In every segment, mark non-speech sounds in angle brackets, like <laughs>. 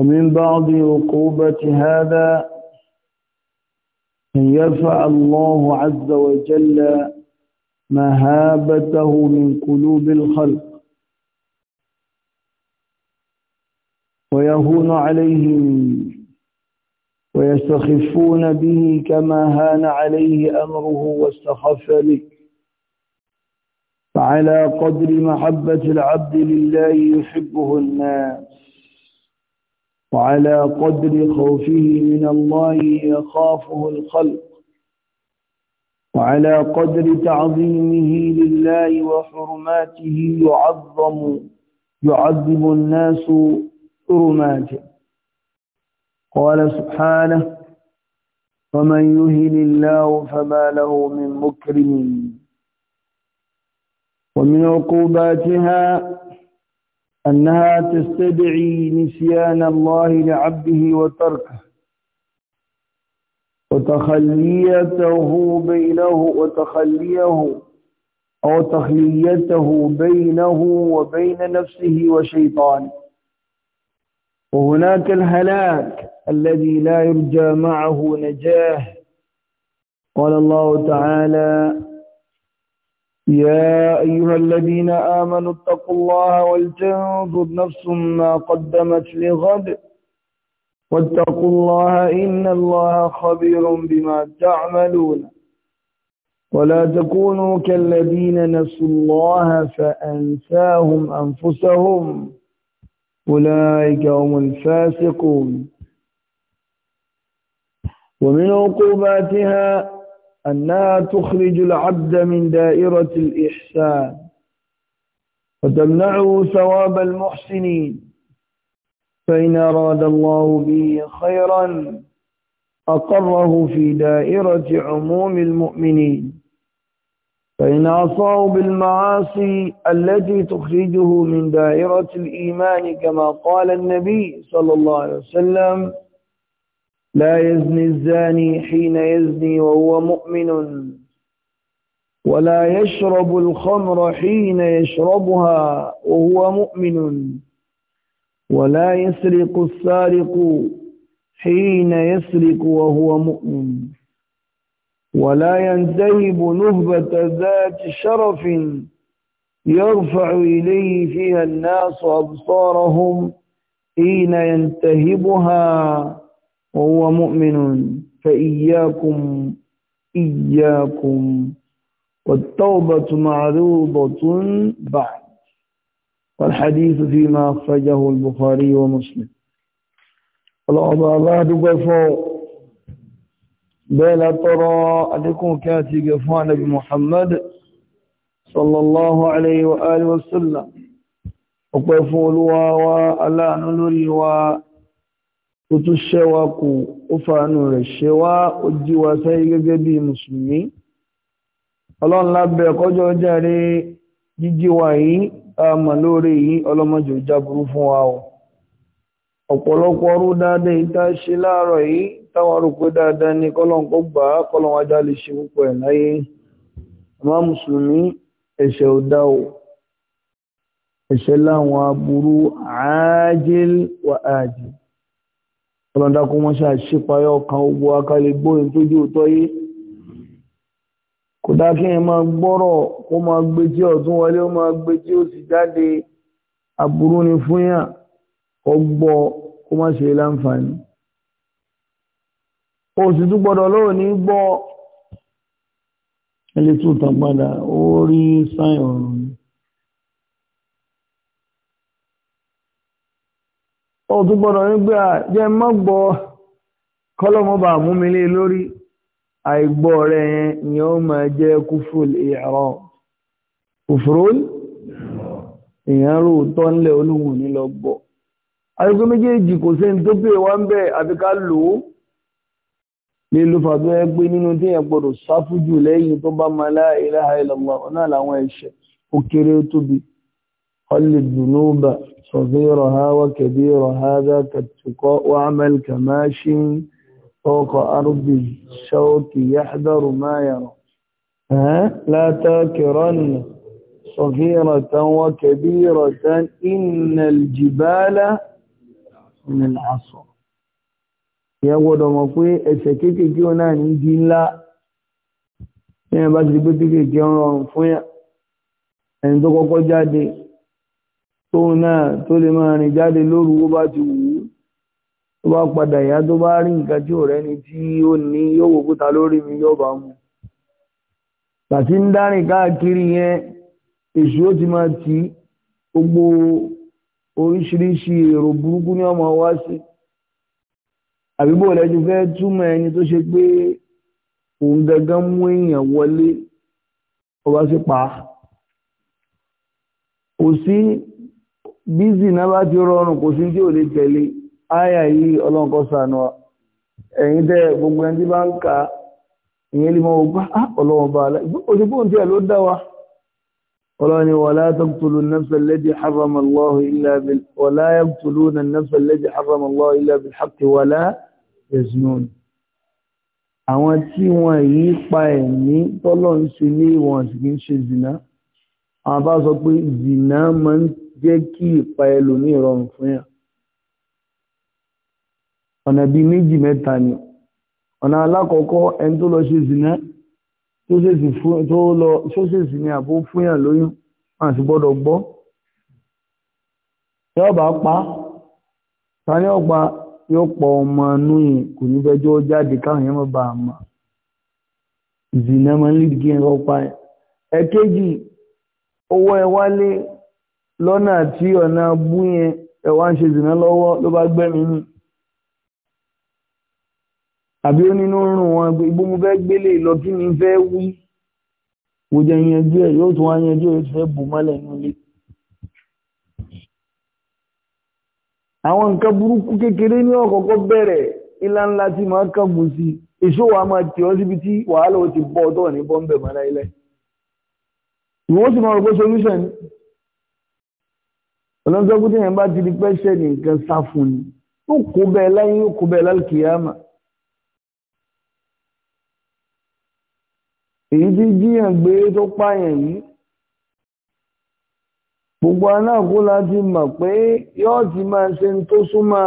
ومن بعض عقوبة هذا أن يرفع الله عز وجل مهابته من قلوب الخلق ويهون عليهم ويستخفون به كما هان عليه أمره واستخف به فعلى قدر محبة العبد لله يحبه الناس وعلى قدر خوفه من الله يخافه الخلق وعلى قدر تعظيمه لله وحرماته يعظم يعظم الناس حرماته قال سبحانه ومن يهن الله فما له من مكرم ومن عقوباتها أنها تستدعي نسيان الله لعبده وتركه وتخليته بينه وتخليه أو تخليته بينه وبين نفسه وشيطانه وهناك الهلاك الذي لا يرجى معه نجاه قال الله تعالى يا أيها الذين آمنوا اتقوا الله ولتنظر نفس ما قدمت لغد واتقوا الله إن الله خبير بما تعملون ولا تكونوا كالذين نسوا الله فأنساهم أنفسهم أولئك هم الفاسقون ومن عقوباتها أنها تخرج العبد من دائرة الإحسان وتمنعه ثواب المحسنين فإن أراد الله به خيرا أقره في دائرة عموم المؤمنين فإن أصاب بالمعاصي التي تخرجه من دائرة الإيمان كما قال النبي صلى الله عليه وسلم لا يزني الزاني حين يزني وهو مؤمن ولا يشرب الخمر حين يشربها وهو مؤمن ولا يسرق السارق حين يسرق وهو مؤمن ولا ينتهب نهبة ذات شرف يرفع إليه فيها الناس أبصارهم حين ينتهبها وهو مؤمن فإياكم إياكم والتوبة معروضة بعد والحديث فيما أخرجه البخاري ومسلم الله الله بلا ترى أنكم كاتي قفان بمحمد صلى الله عليه وآله وسلم وقفوا الواوى ألا نلري ó tún ṣẹ́wà kù ó fàánù rẹ̀ ṣẹ́wà ó jíwa sáyé gẹ́gẹ́ bí mùsùlùmí ọlọ́run lábẹ́ kọjọ́ járe jíjíwa yìí àmà lórí yìí ọlọ́mọjò jáburú fún wa o ọ̀pọ̀lọpọ̀ ọrú dáadáa ìta ṣe láàárọ̀ yìí táwọn rò pé dáadáa ni kọ́lọ́n kó gbà á kọ́lọ́n wájá lè ṣe púpọ̀ ẹ̀ láyé àmọ́ mùsùlùmí ẹ̀ṣẹ̀ ò dá o ẹ̀ṣẹ̀ láwọn aburú àájíl wà ájíl ọlọ́dákún wọ́n ṣáà ṣípayọ́ kan ogbó akálẹ̀ gbóyìn tó jù tọ́ yé kò dákí ẹ máa gbọ́rọ̀ ó máa gbé tí ọ̀tún wọlé ó máa gbé tí ó sì jáde aburú ni fún yàn ọgbọ́ ó má ṣe láǹfààní ó sì tún gbọ́dọ̀ lóò ní gbọ́ ẹ lè tún tàn padà ó rí sáyìn ọ̀run ó tún gbọ́dọ̀ nígbà jẹ́ mọ́gbọ́ kọ́lọ́mọba múmilé lórí àìgbọ́ rẹ̀ yẹn ni ó máa jẹ́ kúfùl ìrọ̀ kúfùrún èèyàn rò tọ́ ńlẹ̀ olóhùn ní lọ gbọ́ àyíkú méjèèjì kò sẹ́ni tó pè wá ń bẹ̀ àfi ká lò ó lè lo fàtó ẹ pé nínú téèyàn gbọ́dọ̀ sáfújù lẹ́yìn tó bá máa la ilaha illallah náà làwọn ẹ̀ṣẹ̀ ó kéré tóbi ọlẹ́dùnúbà صغيرها وكبيرها ذاك التقاء واعمل كماشي فوق أرض الشوك يحذر ما يرى ها لا تاكرن صغيرة وكبيرة إن الجبال من عصر يا غدا ما في اسكيكي كيو لا يا بس يقول كيونا فويا ان دوكو جادي tóun náà tó lè máa rìn jáde lóru ó bá ti wù ú tó bá padà ìyá tó bá rí nǹkan tí ò rẹ́ni tí ó ní yóò wò kúta lórí mi yóò bá mu tàti ń dárìn káàkiri yẹn èṣù ó ti máa ti gbogbo oríṣiríṣi èrò burúkú ní ọmọ wá sí àbíbò lẹ́jú fẹ́ túmọ̀ ẹni tó ṣe pé òun gangan mú èèyàn wọlé ọba sí pa kò sí bí zina bá ti rọrùn kò sí tí ò lè tẹ̀lé áyà yìí ọlọ́nkọ́ sànù ẹ̀yìn tẹ́ gbogbo ẹni tí bá ń ka ìyẹn lè mọ ọgbà ọlọ́wọ́n bá alẹ́ òṣèpọ̀ ní ẹ̀ ló dá wa ọlọ́ni wàlá tọ́kùtùlù nẹ́fẹ̀lẹ́dì haramallahu illa bil wàlá yẹ́kùtùlù nẹ́fẹ̀lẹ́dì haramallahu illa bil jẹ́ kí ìpa ẹlòmíì rọrùn fún yàn ọ̀nà bíi méjì mẹ́ta ni ọ̀nà alákọ̀ọ́kọ́ ẹni tó lọ ṣe zìnà tó ṣèṣì ní àbó fún yàn lóyún àti gbọ́dọ̀ gbọ́ tí ọba pa tani ọpa yóò pọ ọmọ inú yìí kò ní fẹjọ́ jáde káwọn yẹn má ba à mọ̀ zìnà máa ń lè kí ẹ̀rọ pa ẹ̀ ẹ̀kejì owó ẹ wálé lọ́nà tí ọ̀nà bú yẹn ẹ̀wà ń ṣe zìnà lọ́wọ́ ló bá gbẹ́mìí ni àbí ó nínú rùn wọn igbó mú fẹ́ gbélé lọ kí ni fẹ́ wí kò jẹ yanjú ẹ̀ yóò tún wá yanjú ẹ̀ fẹ́ bù mọ́lẹ̀ nílé àwọn nǹkan burúkú kékeré ní ọ̀kọ̀ọ̀kọ́ bẹ̀rẹ̀ ńlá ńlá tí máa kàgbù sí èso wa máa tẹ̀ ọ́ síbi tí wàhálà ó ti bọ́ ọ̀tọ̀ ní bọ́m̀bẹ̀ mọ́láyílẹ̀ ìwọ́n sì máa rò solution ọlọ́sọ́kú tí yẹn bá ti di pẹ́ṣẹ́ ní nǹkan sá fún ni ó kó bẹ́ẹ̀ láyé ó kó bẹ́ẹ̀ lálùkìyàmà èyí tí jíyàn gbé tó pààyàn yìí gbogbo aláàkó láti mọ̀ pé yóò ti máa ṣe tó súnmọ́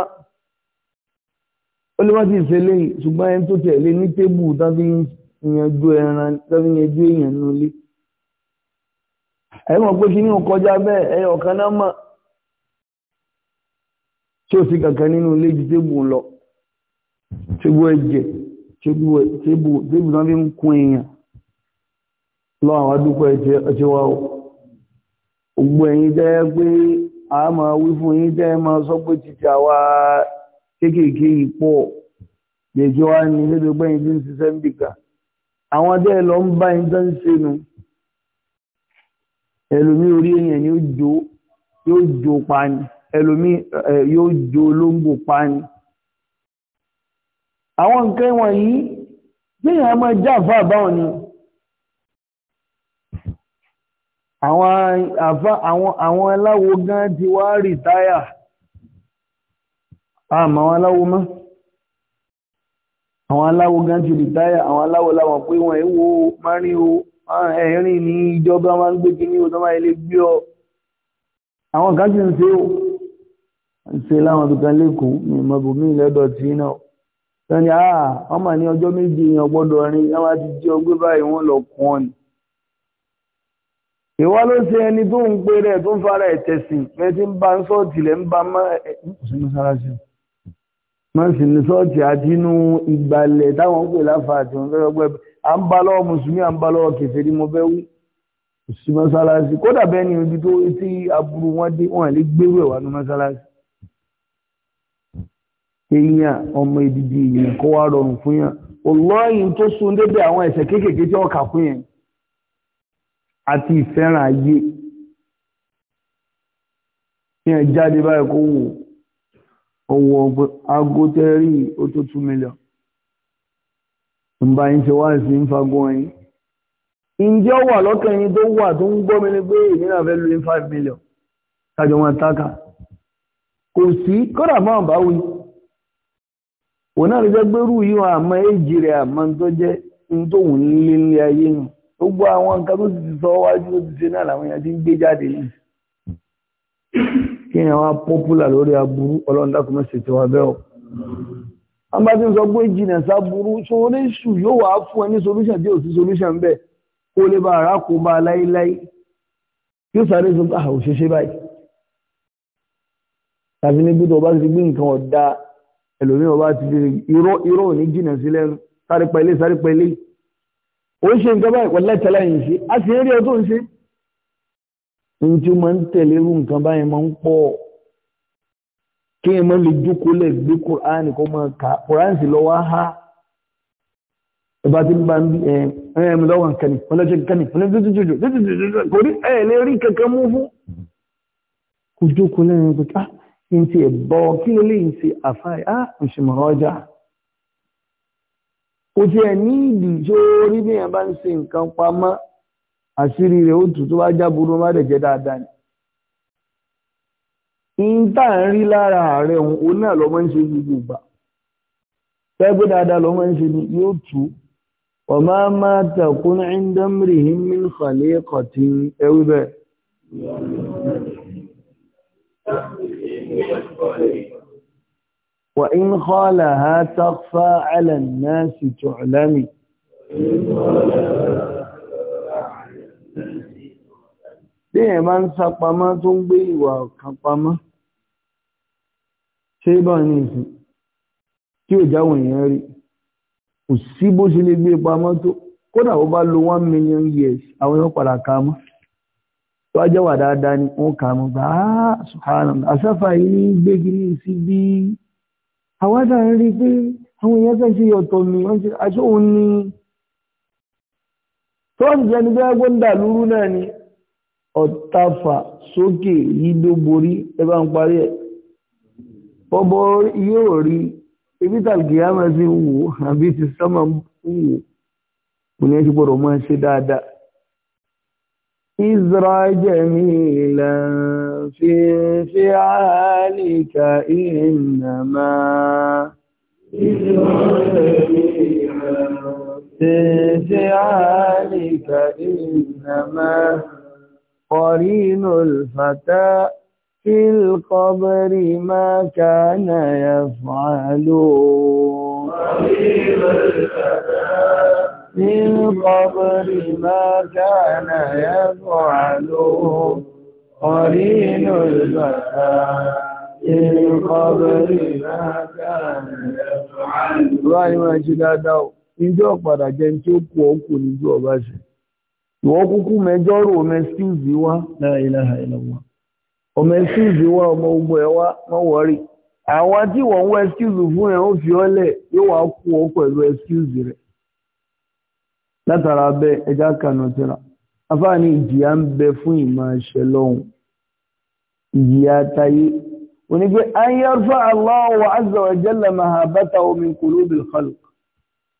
ó lè wá ti ṣẹlẹ̀ ṣùgbọ́n ẹni tó tẹ̀lé ní tébù tábí yanjú ẹran tábí yanjú èèyàn nulẹ̀ ẹ mọ̀ pé kí ni ò kọjá bẹ́ẹ̀ ẹyọ kan náà mọ̀ tí ò sí kankan nínú ilé ju tébù lọ tébù ẹ̀jẹ̀ tébù tébù tébù náà fi ń kún èèyàn lọ àwọn adúpọ̀ ẹ̀jẹ̀ ọtí wa o ògbó ẹ̀yin jẹ́ pé a máa wí fún yín jẹ́ máa sọ pé títí àwa kéékèèké yìí pọ̀ jẹjọ wa ni lébi gbẹ̀yìn tí ń ṣiṣẹ́ ń bìkà àwọn adé ẹ̀ lọ ń bá yín tán ṣe nu ẹlòmí orí èèyàn ni ó jó yóò jó pa ni ẹlòmí yóò jo olóńgbò pa ni àwọn nǹkan wọ̀nyí gbéyàn a máa jáfà báwọn ni àwọn àfá àwọn àwọn aláwo gan ti wá rìtáyà àmọ́ àwọn aláwo mọ́ àwọn aláwo gan ti rìtáyà àwọn aláwo láwọn pé wọ́n èwo márìn o ẹ̀rin ní ìjọba máa ń gbé kí o tó máa ilé gbé ọ àwọn kan ti ń ṣe o ṣe láwọn ibìkan lẹ́kọ̀ọ́ ní ìmọ̀bùnmí lẹ́dọ̀ tí náà tẹ́ni àà ọmọ ní ọjọ́ méje èèyàn gbọ́dọ̀ rìn láwọn àti jí ọgbẹ́ báyìí wọ́n lọ kún ọ ni. ìwá ló ṣe ẹni tó ń pe rẹ̀ tó ń fara ẹ̀tẹ̀sìn rẹ̀ tí ń ba ń sọ́ọ̀tì lẹ̀ ń ba má sì ní sọ́ọ̀tì àti inú ìgbàlẹ̀ táwọn ń pè láfa àti wọn fẹ́rẹ́ gbẹ́ à ń ba lọ́wọ́ mùsùlùmí à ń ba lọ́wọ́ kèfèrí mo fẹ́ wí sí mọ́sálásí kódà bẹ́ẹ̀ ni ibi tó tí aburú wọn dé wọn lè gbérú ẹ̀ wá ní mọ́sálásí èèyàn ọmọ ìdìdì èèyàn kó wá rọrùn fún yàn ọlọ́yìn tó sun débi àwọn ẹ̀ṣẹ̀ kéékèèké tí wọ́n kà fún yẹn àti ìfẹ́ràn ayé kí ẹ jáde báyìí kó wò ọwọ́ aago tẹ́rí ó tó two million ǹbá yín ṣe wá sí ń fagún ẹyin ǹjẹ́ ó wà lọ́kàn yín tó wà tó ń gbọ́ mi ni pé èmi náà fẹ́ lu five million kájọ máa tákà kò sí kódà máa bá wí òun náà ló jẹ́ gbérù yìí wọn àmọ́ èjì rẹ̀ àmọ́ tó jẹ́ ní tóun nílé nílé ayé nù gbogbo àwọn nǹkan tó ti sọ wájú tó ti ṣe náà làwọn èèyàn ti ń gbé jáde yìí kí èèyàn wá pọ́pùlà lórí aburú ọlọ́run dákun mẹ́sẹ̀ tí wọ́n bá ti ń sọ pé jìnnà sáburú ṣó oníṣù yóò wá fún ẹ ní solution tí ò sí solution bẹ́ẹ̀ kó lè bá ara kó bá láíláí yóò sáré sọ pé àwòṣeṣe ah, báyìí tàbí níbi tó bá ti gbé nǹkan ọ̀dà ẹlòmí ọba ti di irọ́ irọ́ òní jìnà sí lẹ́nu sáré pẹ̀lé sáré pẹ̀lé ó ṣe nǹkan báyìí pẹ̀lú ẹ̀tẹ̀lẹ̀ yìí ṣe a sì ń rí ọdún ṣe ní tí ó máa ń tẹ̀lé irú nǹkan báyìí máa ń pọ̀ kí ẹ máa lè jókòó lẹ̀ gbé kùránì kó máa kà kùránì sì lọ́wọ́ ha ìbá tí ń bá ń bí ẹ ẹ mi lọ́wọ́ nǹkan ni wọ́n lọ́jọ́ nǹkan ni wọ́n lọ́jọ́ jòjò kò rí ẹ̀ lè rí kankan mú fún kò jókòó lẹ́yìn pé ah, E kí e n ti ẹ̀ bọ́ kí ló lè ṣe àfáì á òṣùmọ̀rọ̀ ọjà kò tiẹ̀ ní ìdíjọ́ orí bí yẹn bá ń ṣe nǹkan pamọ́ àṣírí rẹ̀ ó tù tó bá jábúrú má dẹ̀ jẹ́ dáadáa ni ìta ń rí lára ààrẹ òun òun náà lọ́mọ ń ṣe gbogbo ìgbà tẹ́gbẹ́ dáadáa lọ́mọ ń ṣe ni yóò tú ọmọ máa tẹ̀kún ẹ̀ńdẹ́mìrì hímìn fàlẹ́ kọ̀tì ẹwí bẹ́ẹ̀. وإن خالها تخفى على الناس تعلم bí ẹ̀ bá ń sá pamọ́ tó ń gbé ìwà ọ̀kan pamọ́ ṣé bá ní ìsìn tí ò jáwọ̀ èèyàn rí kò sí bó ṣe lè gbé pamọ́ tó kódà ó bá lo one million years àwọn yóò padà ká mọ́ wájọ́ wà dáadáa ní a kà mọ́ bá ṣùhánà àṣáfà yìí ní sí bí àwádà ń rí pé àwọn èèyàn fẹ́ ṣe yọ̀tọ̀ mi wọ́n ṣe aṣóhun ni tọ́ọ̀sì jẹ́ ní lúrú náà ni ọ̀tàfà sókè yìí ló borí ẹ bá ń parí ẹ̀ bọ́bọ́ yóò rí tàbí sí wò àbí ti sọ́mọ́ ń wò kò ní ẹ ti gbọ́dọ̀ إذ جميلا في فعالك إنما إنما قرين الفتى في القبر ما كان يفعل قرين الفتى من na ما كان يفعله قرين ọrịa من قبل ما كان يفعله إبراهيم أجداده níjọ́ padà jẹ́ ní tí ó kú ọkù níjú ọba ṣe ìwọ́n kúkú mẹjọ́rò ọmọ ẹ́síùsì wá ọmọ wá ọmọ ogun wá àwọn tí ń wọ fún ó fi yóò látara bẹ ẹja kanu tíra afáàní ìjìyà ń bẹ fún ìmọ̀ ṣe lọ́hùn ìjìyà tayé onígbé ayárfà Allahu azza wa jalla mahabbatahu min qulubil khalq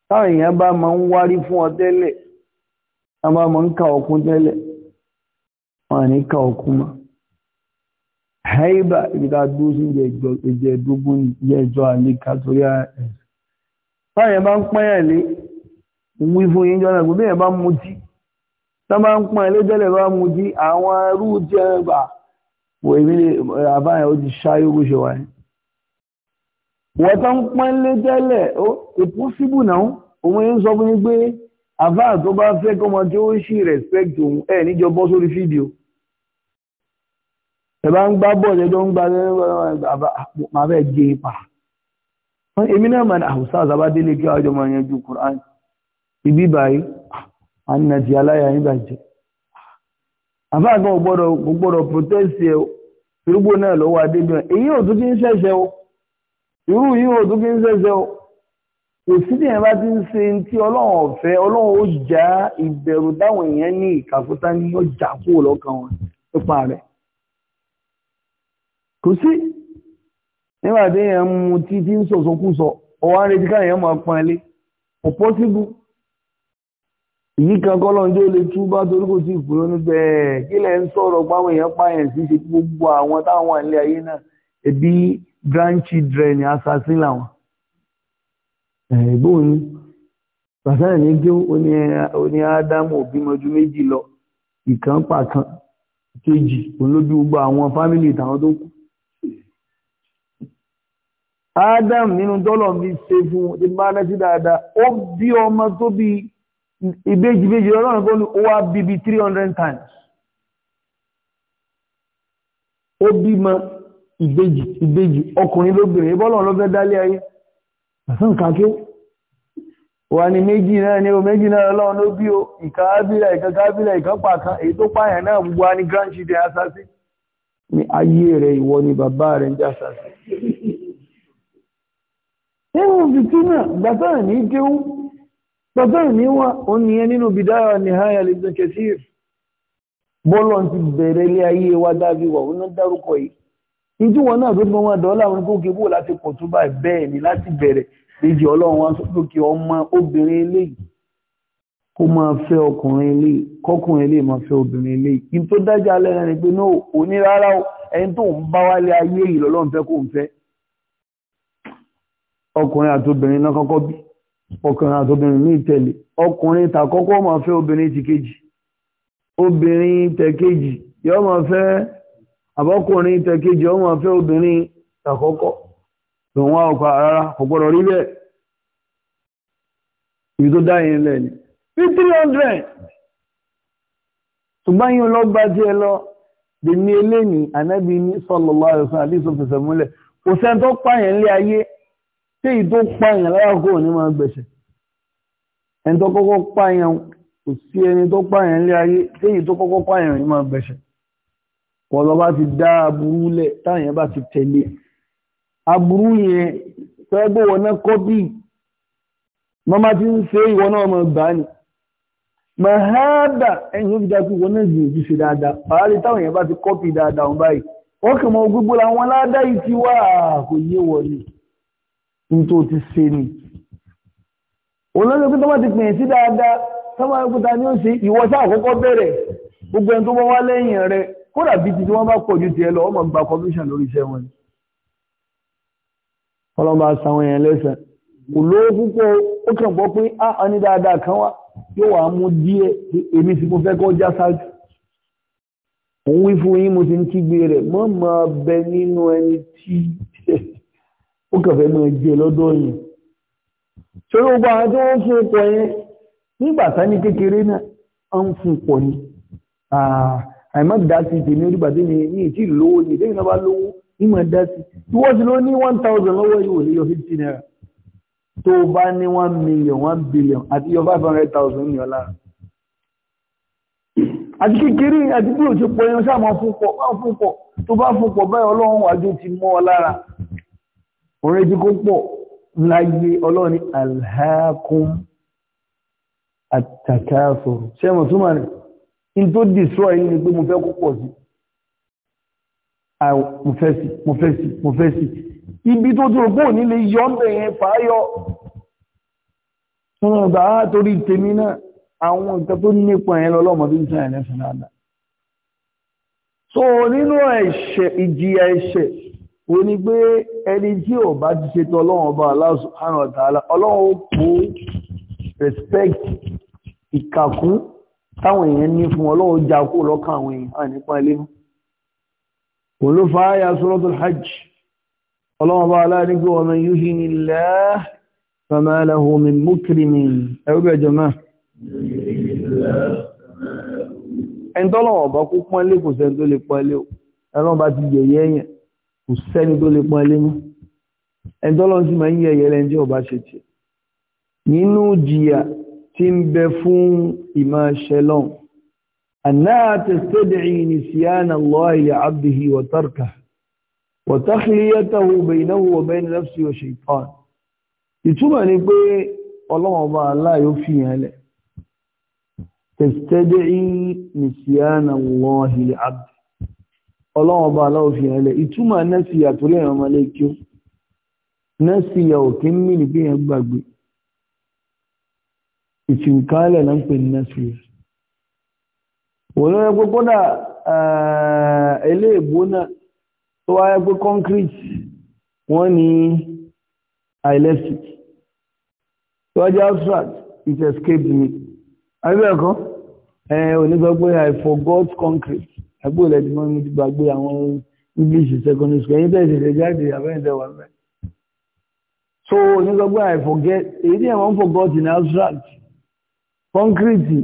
táwọn èèyàn bá máa ń wárí fún ọ tẹ́lẹ̀ táwọn bá máa ń ka ọkùn tẹ́lẹ̀ wọn à ní ka ọkùn mọ́ haiba ibi tá a dúró sí ìjẹ́ ìdógún ìjẹ́ ìjọ àlékà torí àìsàn táwọn èèyàn bá ń pẹ́yàn lé wí fún yín jọ́nà gbogbo èèyàn bá mú jí tó bá ń pọ́n ilé tẹ́lẹ̀ bá mú jí àwọn ẹrú jẹ́ bà wò ìbí àbáyàn ó ti ṣáyé bó ṣe wáyé wọ́n tó ń pọ́n ilé tẹ́lẹ̀ ó ìpọ́síbù náà òun yín sọ fún yín pé àbá tó bá fẹ́ kọ́mọ tí ó ṣì respect òun ẹ̀ níjọ bọ́ sórí fídíò ẹ̀ bá ń gbá bọ́ọ̀lù ẹjọ́ ń gbá màá fẹ́ gé e pa èmi náà mà ní àwùsá àzábádélé kí wàá jọ máa yanjú Kùránì ibi báyìí ànàjì ah, aláya nígbà jẹ́ ah, àfáàgbà ògbọ́dọ̀ ògbọ́dọ̀ protest ẹ̀ irúgbó náà lọ́wọ́ adébíyàn èyí ò tún kí ń ṣẹ̀ṣẹ̀ o irú yìí ò tún kí ń ṣẹ̀ṣẹ̀ o kò sí ní ẹ̀bá tí ń ṣe tí ọlọ́run ọ̀fẹ́ ọlọ́run ó já ìbẹ̀rù táwọn èèyàn ní ìkàkútà ní ó kúrò lọ́kàn wọn nípa rẹ̀ kò sí nígbà tí èèyàn mu tí tí ń sọ̀sọ̀kúsọ ọwọ́ àrètí káyọ̀ máa pọn ilé kò pọ́síbù èyí kan kọ́lọ́njẹ́ lè tú bá torí kò tí ìkúrò níbẹ̀ kí lẹ̀ ń sọ̀rọ̀ páwọn èèyàn pààyàn sí ṣe gbogbo àwọn táwọn ilé ayé náà ẹbí grandchildren assassin làwọn ẹ̀gbọ́n ni bàtàrà ní gé oní ádámù òbímọjú méjì lọ ìkan pàkan kejì olójú gbogbo àwọn fámìlì táwọn tó kù ádámù nínú dọ́lọ̀ mi ṣe fún un ti bá rẹ́ dáadáa ó bí ọmọ tó bíi ìbejì ìbejì ọlọ́run kó ní ó wá 300 times ó bímọ ìbejì ìbejì ọkùnrin lóbìnrin ìbọ́lọ̀ ló fẹ́ dálé ayé àsán wà ní méjì náà ní o méjì náà ọlọ́run ló bí o ìkàábílà èyí tó pààyàn náà gbogbo grandchildren asasi ní ayé rẹ̀ ìwọ ni bàbá rẹ̀ ń bàbá mi wà ó nìyẹn nínú bidaya nihaya Ibn Kathir bọ́lọ̀ ti bẹ̀rẹ̀ ilé ayé wa dábí wà ó ná dárúkọ yìí ìjú wọn náà tó gbọ́n wọn dọ́là wọn tó kébù láti pọ̀ tó báyìí bẹ́ẹ̀ ni láti bẹ̀rẹ̀ lèjì ọlọ́run wọn sókè ọmọ obìnrin eléyìí kó máa fẹ́ ọkùnrin eléyìí kọkùnrin eléyìí máa fẹ́ obìnrin eléyìí kí n tó dájà alẹ́ rẹ̀ ni pé náà ò ní rárá o ẹni tó ń bá wálé ayé yìí lọ́lọ́run fẹ́ kó ń fẹ́ ọkùnrin àti obìnrin náà kọ́kọ́ bí ọkùnrin àtobìnrin ní ọkùnrin takọ́kọ́ ma fẹ́ obìnrin ti kejì obìnrin tẹ̀kejì yọ́ máa fẹ́ tẹ̀kejì fẹ́ obìnrin ibi tó dá yẹn lẹ́ni bí three hundred ṣùgbọ́n yín lọ bá tiẹ̀ lọ dèmi eléyìí ní sallallahu tí èyí tó pààyàn láyàkó ní máa gbẹ̀ṣẹ̀ ẹni tó kọ́kọ́ pààyàn kò sí ẹni tó pààyàn lé ayé tí èyí tó kọ́kọ́ pààyàn ní máa gbẹ̀ṣẹ̀ pọ̀lọ́ bá ti dá aburú lẹ̀ táyàn bá ti tẹ̀lé aburú yẹn pẹ́gbẹ́ wọn náà kọ́bí mọ́má ti ń ṣe ìwọ náà mọ̀ gbà ní mahada ẹni tó fi wọn náà gbìyànjú ṣe dáadáa pàálí táwọn èèyàn bá ti kọ́pì dáadáa wọn báyìí wọ́n kàn tó ti ṣe ni olóògbé pé tọ́wọ́ ti pè sí dáadáa tọ́wọ́ ẹgbẹ́ta ni ó ṣe ìwọ́sá àkọ́kọ́ bẹ̀rẹ̀ gbogbo ẹni tó wọ́n wá lẹ́yìn rẹ kódà bí ti tí wọ́n bá pọ̀ ju tiẹ̀ lọ ọmọ gba commission lórí iṣẹ́ wọn ni ọlọ́mọ àṣàwọn èèyàn lẹ́sẹ̀ kò púpọ̀ ó kàn gbọ́ pé á ní dáadáa kan wá yóò wá mú díẹ̀ èmi sì mo fẹ́ kọ́ já ṣáájú òun wí fún yín mo ti ń kígbe rẹ̀ mọ́ máa bẹ nínú ẹni tí <laughs> ó kẹfẹ́ náà jẹ́ lọ́dọ̀ yìí ṣé gbogbo àwọn tí wọ́n fún pọ̀ yẹn nígbà sani kékeré náà ń fún pọ̀ ni ah, àìmọ́ dá sí ti ní orígbà tí mi ní ìtì lówó ní ìdẹ́yìn náà bá lówó ní mọ̀ dá sí ìwọ́ sí ló ní one thousand lọ́wọ́ yìí ò lè yọ fifty naira tó o bá ní one million one billion àti yọ five hundred thousand ní ọ̀la àti kékeré àti bí òṣèpọ̀ yẹn sáà máa fún pọ̀ máa fún pọ̀ tó bá fún pọ̀ báyọ̀ ọlọ́run wájú ti mọ́ ọ lára ọ̀rẹ́ jí kó pọ̀ láyé ọlọ́ni alhaakum àtàkásọ̀rọ̀ ṣẹ́mọ̀ túnmà rẹ̀ in tó destroy ní pé mo fẹ́ kó pọ̀ sí mo fẹ́ sí mo fẹ́ sí mo fẹ́ sí ibi tó tó kó nílé yọ́ ń bẹ̀yẹn fàáyọ́ fún ọ̀dá torí tèmi náà àwọn nǹkan tó nípa ẹ̀ lọ́lọ́mọ tó ń sàn ẹ̀lẹ́sìn dáadáa so nínú ẹ̀ṣẹ̀ ìjìyà ẹ̀ṣẹ̀ ó ní pé ẹni tí ò bá ti ṣètò ọlọ́run ọba Allah subhanahu wa ta'ala ọlọ́run kó respect ìkàkún táwọn èèyàn ní fún ọlọ́run já kó lọ́kàn àwọn èèyàn nípa ilé mọ́ kò ló fa ayà suratul hajj ọlọ́run ọba Allah ní pé wa man yuhini Allah fama lahu min ẹgbẹ́ jọmọ́ ẹni tọ́lọ́run ọba kó pọ́nlé kò sẹ́ni lè pọ́nlé ẹ̀rọ bá ti yẹ̀yẹ́ yẹn kò sẹ́ni tó lè pọn ẹlé mọ́ ẹni tọ́lọ́ sì máa ń yẹ ẹ̀yẹ lẹ́ni tí ọba ṣe tiẹ̀ nínú jìyà tí ń bẹ fún ìmọ̀ ṣẹlọ́n أنها تستدعي نسيان الله لعبده وتركه وتخليته بينه وبين نفسه وشيطان ìtumọ̀ ni pé ọlọ́wọ̀n bá aláyò fi hàn lẹ̀ تستدعي نسيان الله لعبده ọlọ́run ọba aláwọ̀ fi hàn lẹ̀ ìtumọ̀ nẹ́sìyà torí ẹ̀rọ ọmọlé kí ó nẹ́sìyà ò kí ń mì ní bíyàn gbàgbé ìfìǹkálẹ̀ náà ń pè ní nẹ́sìyà wọ́n ló pé kódà eléèbó eh, náà tó wáyé pé concrete wọ́n ní i left it tó wájú abstract it escaped me abẹ́ẹ̀kọ́ ẹ̀ eh, ò ní sọ pé i forgot concrete àgbò lẹ́dí mọ́ ní gbàgbé àwọn English secondary school ẹ̀yìn tẹ̀sí lè jáde àbẹ́ǹtẹ̀ wà mẹ́. so onígbàgbé I forget èyí tí àwọn forgot in abstract concrete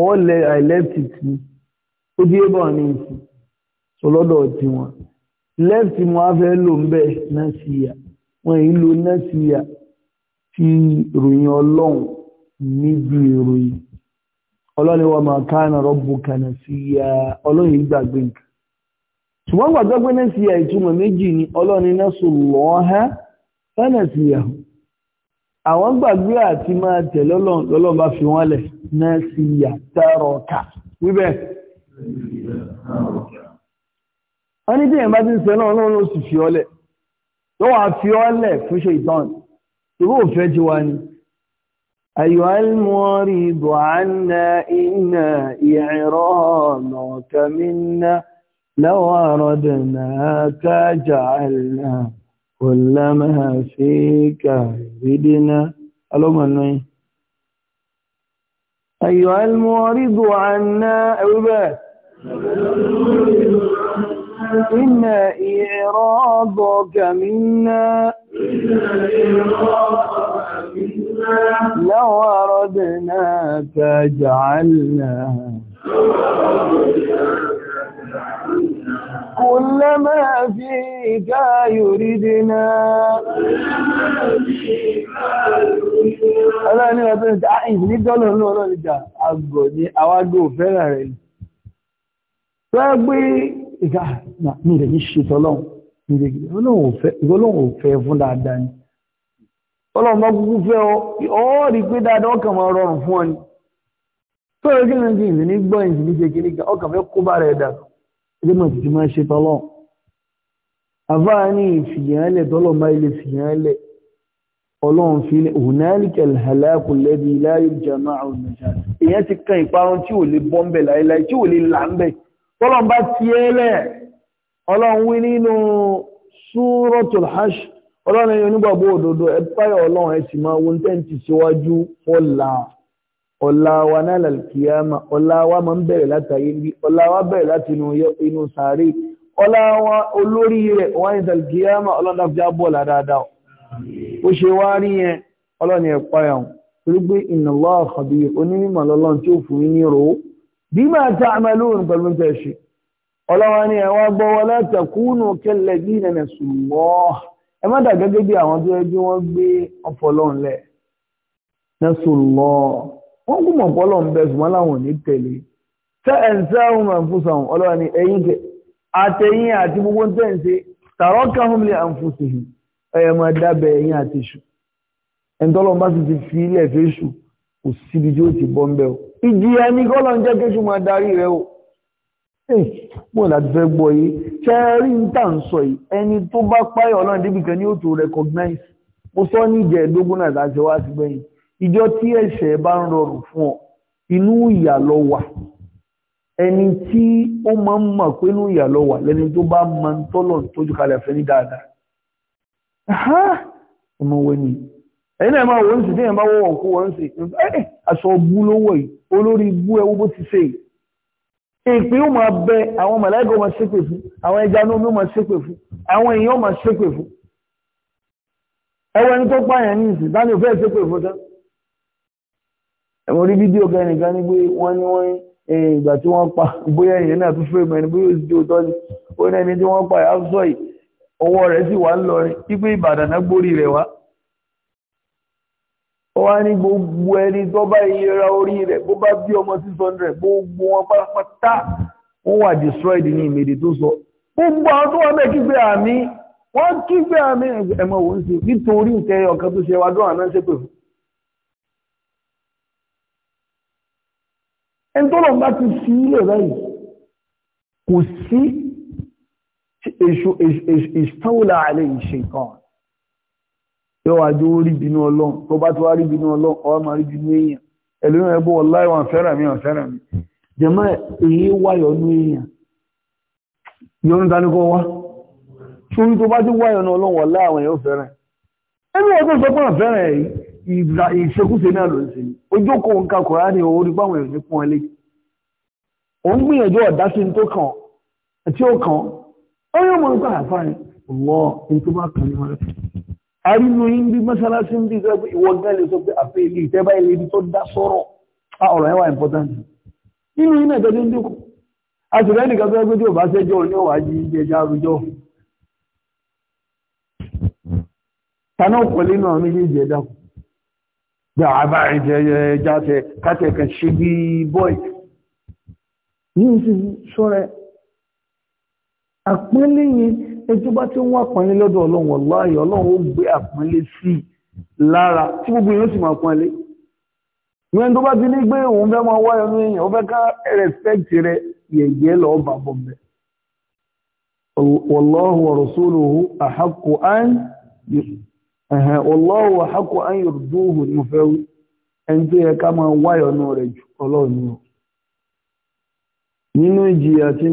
all I left it ni ó dé bọ̀ ní ìsìn so lọ́dọ̀ tiwọn left mo á fẹ́ lò ń bẹ̀ náà sí ya wọn èyí lo náà sí ya fi ìròyìn ọlọ́run níbi ìròyìn ọlọ́ni wa ma kana rabbuka nasiya ọlọ́yìn gbàgbé nǹkan ṣùgbọ́n gbàgbé nasiya ìtumọ̀ méjì ni ọlọ́ni nasullaha fanasiyahu àwọn gbàgbé àti máa tẹ̀ lọ́lọ́n bá fi wọ́n lẹ̀ nasiya taraka wíbẹ̀ wọ́n ní bí ẹ̀ bá ti ń sẹ́lọ́ ọlọ́run ló sì fi ọ́lẹ̀ lọ́wọ́ àfi ọ́lẹ̀ fún ṣe ìtàn ìwé òfẹ́ ti wá ni أيها المعرض عنا إنا إعرانك منا لو أردناك جعلنا كل ما فيك بدنا اللهم أنوي أيها المعرض عنا بس إنا إعراضك منا إعراضك لو أردنا فجعلناها كل ما فيك يريدنا Ọlọ́run ni ọ̀tọ́ ìta ìsìnkú dọ́lọ̀ ní ọlọ́run ìjà àgbò ìgbà ní ní ṣe ọlọ́run bá gúgú fẹ́ ọ ọ́ rí pé dáadáa ọkàn máa rọrùn fún ọ ni tó rẹ kí ni kí ìsìn ní gbọ́ ìsìn ní ṣe kiri kan ọkàn fẹ́ kó bá rẹ̀ dà ẹgbẹ́ mọ̀ tuntun máa ṣe tọ́lọ́ àfáà ní ìfìyànlẹ̀ tọ́lọ́ máa ilé fìyànlẹ̀ ọlọ́run fi ní hunalika alhalaku lẹ́bi láyé jama àwùjọ èèyàn ti kan ìparun tí ò lè bọ́ ńbẹ̀ láéláé tí ò lè là ńbẹ̀ tọ́lọ́run ọlọ́run ẹ̀yin onígbàgbọ́ òdodo ẹ páyọ̀ ọlọ́run ẹ sì máa wo tẹ́ǹtì síwájú ọ̀la ọ̀la wa náà làlùkìyàmà ọ̀la wa máa ń bẹ̀rẹ̀ látàyè níbi ọ̀la wa bẹ̀rẹ̀ láti inú sàárè ọ̀la wa olórí rẹ̀ wọ́n ní làlùkìyàmà ọlọ́run dáfíà bọ̀ ládáadáa ó ṣe wá rí yẹn ọlọ́run ẹ páyọ̀ torí pé inna Allaha khabir onímọ̀ lọ́lọ́run tí ó fún ní ro bí máa ta àmàlóhùn pẹ̀lú tẹ̀ ṣe ni ẹ wá gbọ́ wọlé tẹ̀kúnù kẹlẹ̀ bí nà ẹ má dà gẹ́gẹ́ bí àwọn tó yẹ kí wọ́n gbé ọpọlọ ńlẹ̀ nẹ́sùn lọ wọ́n kú mọ̀ ọpọlọ ń bẹ ṣùgbọ́n láwọn ò ní tẹ̀lé tẹ́ ẹ̀ ń sẹ́ ọ̀hún àǹfùsàn ọlọ́wà ni ẹ̀yìn tẹ àtẹ̀yìn àti gbogbo ń tẹ̀sí tààrọ́ káhùn lè àǹfùsàn ẹ̀yẹ máa dábẹ̀ ẹ̀yìn àti ṣù ẹ̀ńtọ́lọ́mbà sì ti fi ilẹ̀ fẹ́ ṣù kò síbi tí ó ti bọ́ ń o ìjìyà ni kọ́lọ́ ń jẹ́ kéṣù máa darí rẹ o mo láti fẹ́ gbọ́ yìí ṣẹ́rí ń tà ń sọ yìí ẹni tó bá páyọ̀ ọlọ́run débi kan ní ó recognize mo sọ ní ìjẹ̀ẹ́dógún náà láti wá sí gbẹ̀yìn ìjọ tí ẹ̀ṣẹ̀ bá ń rọrùn fún ọ inú ìyà lọ wà ẹni tí ó máa ń mọ̀ pé inú ìyà lọ wà lẹ́ni tó bá máa ń tọ́lọ̀ tójú kalẹ̀ fẹ́ ní dáadáa ọmọ wo ni ẹ̀yin náà máa wọ́n sì tí èèyàn bá wọ́wọ́ kó wọ́n sì aṣọ bú lówó yìí olórí bú ẹwú bó ti ṣe yìí ìpín ó máa bẹ àwọn màláíkà máa ṣépè fún àwọn ẹja ní omi máa ṣépè fún àwọn èèyàn máa ṣépè fún ẹwọ ẹni tó pààyàn ní ìsìn dání ò fẹ́ ṣépè fún tán ẹ̀wọ̀n rí fídíò kẹrin kan ní pé wọ́n ní wọ́n ìgbà tí wọ́n pa bóyá èèyàn náà tún fẹ́ mẹ́rin bóyá òsì tó tọ́lé ó ní ẹni tí wọ́n pa ẹ̀ á sọ ọwọ́ rẹ̀ sì wà ń lọrin wípé Ìbàdàn náà gbórí rẹ̀ wá ó wá ní gbogbo ẹni tó bá iye ra orí rẹ̀ bó bá bí ọmọ 600 gbogbo wọn pátápátá wọ́n wà destroyed ní ìmèdè tó sọ gbogbo àwọn tó wà bẹ́ẹ̀ kígbe àmì wọ́n kígbe àmì ẹ̀mọ̀ wò ń se nítorí nǹkan ẹyọ kan tó ṣe wá dọ́wà náà ṣépè fún. ẹni tó lọ́n bá ti fi ilé báyìí kò sí ìṣòwòlà àlẹ́ ìṣe kan yóò wá jó rí bínú ọlọ́run tó bá tó wá rí bínú ọlọ́run ọwọ́ máa rí bínú èèyàn ẹlòmíràn ẹgbẹ́ wọn láì wọn fẹ́ràn mi wọn fẹ́ràn mi jẹ̀mọ́ èyí wáyọ̀ nú èèyàn yọnu dání kọ́ wá torí tó bá tó wáyọ̀ nú ọlọ́run wọ̀lá àwọn èèyàn fẹ́ràn ẹni ọdún sọ pé wọn fẹ́ràn èyí ìṣekúṣe náà ló ń ni òun rí báwọn èèyàn ní pọ́n ẹlẹ́yìn òun gbìyànjú ọ̀dá sí arínú yín bí mọ́ṣáláṣí ń bí sẹ́pẹ́ ìwọ gán lè sọ pé àfẹ́ ah, ilé ìtẹ́bá ilé ibi tó dá sọ́rọ̀ ah, ọ̀rọ̀ ẹwà important nínú yín náà tẹ́lẹ̀ ń dúkù a sì rẹ́nì kan pé tí ò bá sẹ́jọ́ ní ọ̀wá jí jẹjẹ àrùjọ a pẹ̀lú inú àwọn méjèèjì ẹ̀dá kù bí àbá ìjẹjẹ kátẹ̀ kan ṣe bí bọ́ì yìí sì sọ́rẹ̀ àpẹ́lẹ́yìn ètò bá tí wọ́n pọ̀nlé lọ́dọ̀ ọlọ́run wàláhì ọlọ́run ó gbé àpọ́nlé sí lára tí gbogbo yóò sì máa pọ́nlé ìwọ̀n tó bá ti ní gbé òun fẹ́ máa èèyàn ó fẹ́ ká rẹ yẹ̀yẹ́ lọ́ọ́ bá bọ̀ bẹ́ẹ̀ wallahu wa rasuluhu ahaqqu an wallahu ahaqqu an ni mo fẹ́ wí ẹni tó yẹ ká máa rẹ̀ jù ọlọ́run nínú ìjìyà tí